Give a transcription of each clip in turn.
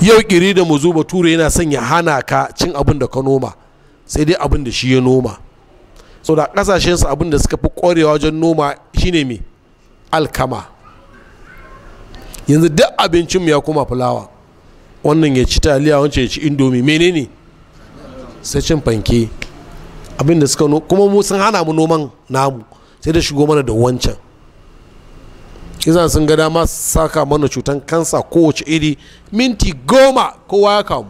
yau kiri da mu zuba ture yana son ya hana ka cin abin da ka noma sai dai abin da shi ya noma so da kasashensu abin da suka fi ƙwarewa wajen noma shine mai alkama yanzu duk abincinmu ya koma fulawa wannan ya ci taliya wancan ya ci indomi menene sai cin fanke abin da suka kuma mu sun hana mu noman namu sai da shigo mana da wancan iza sun ga dama saka mana cutan kansa kowace iri minti goma kowa ya kamu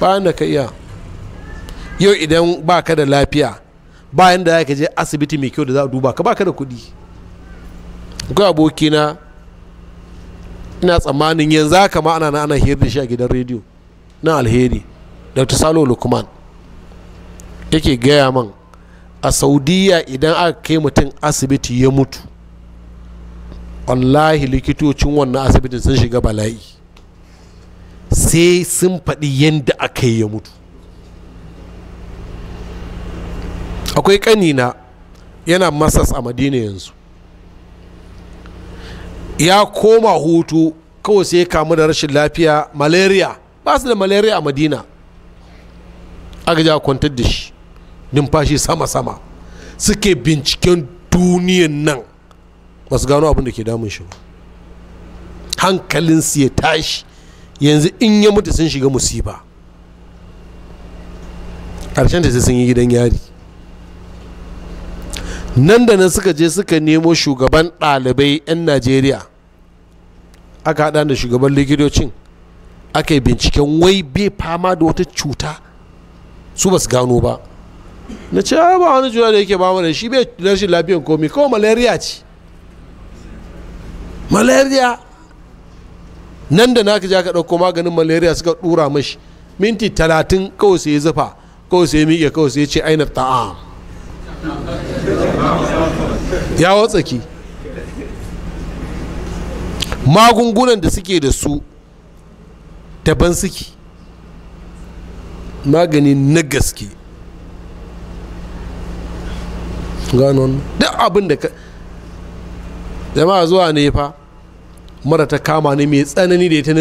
bayan da ka iya yau idan ba ka da lafiya bayan da ka je asibiti mai kyau da za a duba ka ba ka da kuɗi akwai abokina ina tsammanin yanzu haka ma ana ana hira da shi a gidan rediyo na alheri dr salo lukman yake gaya man a saudiya idan aka kai mutum asibiti ya mutu wallahi likitocin wannan asibitin sun shiga bala'i sai sun faɗi yadda aka yi ya mutu akwai ƙanina yana masas a madina yanzu ya koma hutu kawai sai ya kamu da rashin lafiya malaria ba su da malaria a madina aka ja kwantar da shi numfashi sama-sama suke binciken duniyan nan ba su gano abin da ke damun shi hankalin hankalinsu ya tashi yanzu in ya mutu sun shiga musiba ƙarshen da sun yi gidan yari nan da nan suka je suka nemo shugaban ɗalibai 'yan najeriya aka haɗa da shugaban likitocin aka yi binciken wai bai fama da wata cuta su ba su gano ba na ce ba wani juna da yake ba wani shi bai rashin lafiyan komi kawai malaria ce malaria nan da naka ja ka ɗauko maganin malaria suka ɗura mashi minti talatin kawai sai zufa kawai sai miƙe kawai sai ce ainihin ta'a ya watsaki magungunan da suke da su daban suke magani na gaske ganon duk abin da ka jama'a zuwa ne fa mara ta kama ni mai tsanani da ita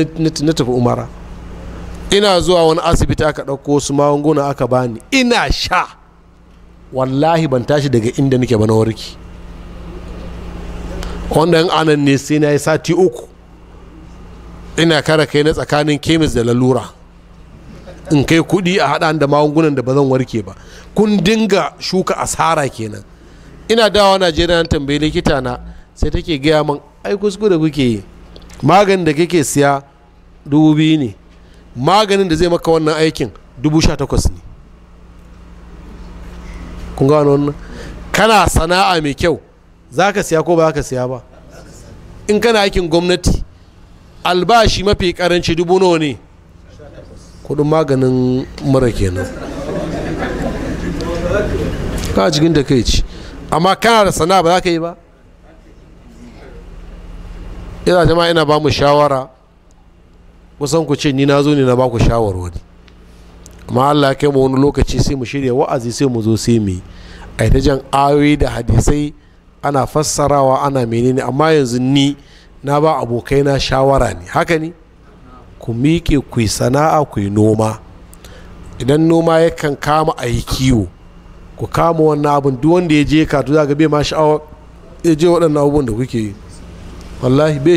na tafi umara ina zuwa wani asibiti aka ɗauko wasu magunguna aka bani ina sha wallahi ban tashi daga inda nake ba na warki wanda yan anan ne sai na yi sati uku ina kara kai na tsakanin kemis da lalura in kai kuɗi a haɗa da magungunan da ba zan warke ba kun dinga shuka asara kenan ina dawa najeriya na tambayi likita na sai take gaya min ai kuskure kuke yi maganin da kake siya dubu biyu ne maganin da zai maka wannan aikin dubu sha takwas ne kun gano wannan kana sana'a mai kyau za ka siya ko ba ka siya ba in kana aikin gwamnati albashi mafi karanci dubu nawa ne kudin maganin mura kenan ka cikin da kai ci amma kana da sana'a ba za ka yi ba ina jama'a ina ba mu shawara kusan ku ce ni na zo ne na ba ku shawarwari amma Allah ya kai mu wani lokaci sai mu shirya wa'azi sai mu zo sai mu ai ta jan ayoyi da hadisai ana fassarawa ana menene amma yanzu ni na ba abokai na shawara ne haka ne ku miƙe ku yi sana'a ku yi noma idan noma yakan kama a yi kiwo ku kama wannan abin duk wanda ya je ka tu za ga bai ma sha'awa ya je waɗannan abubuwan da kuke yi wallahi bai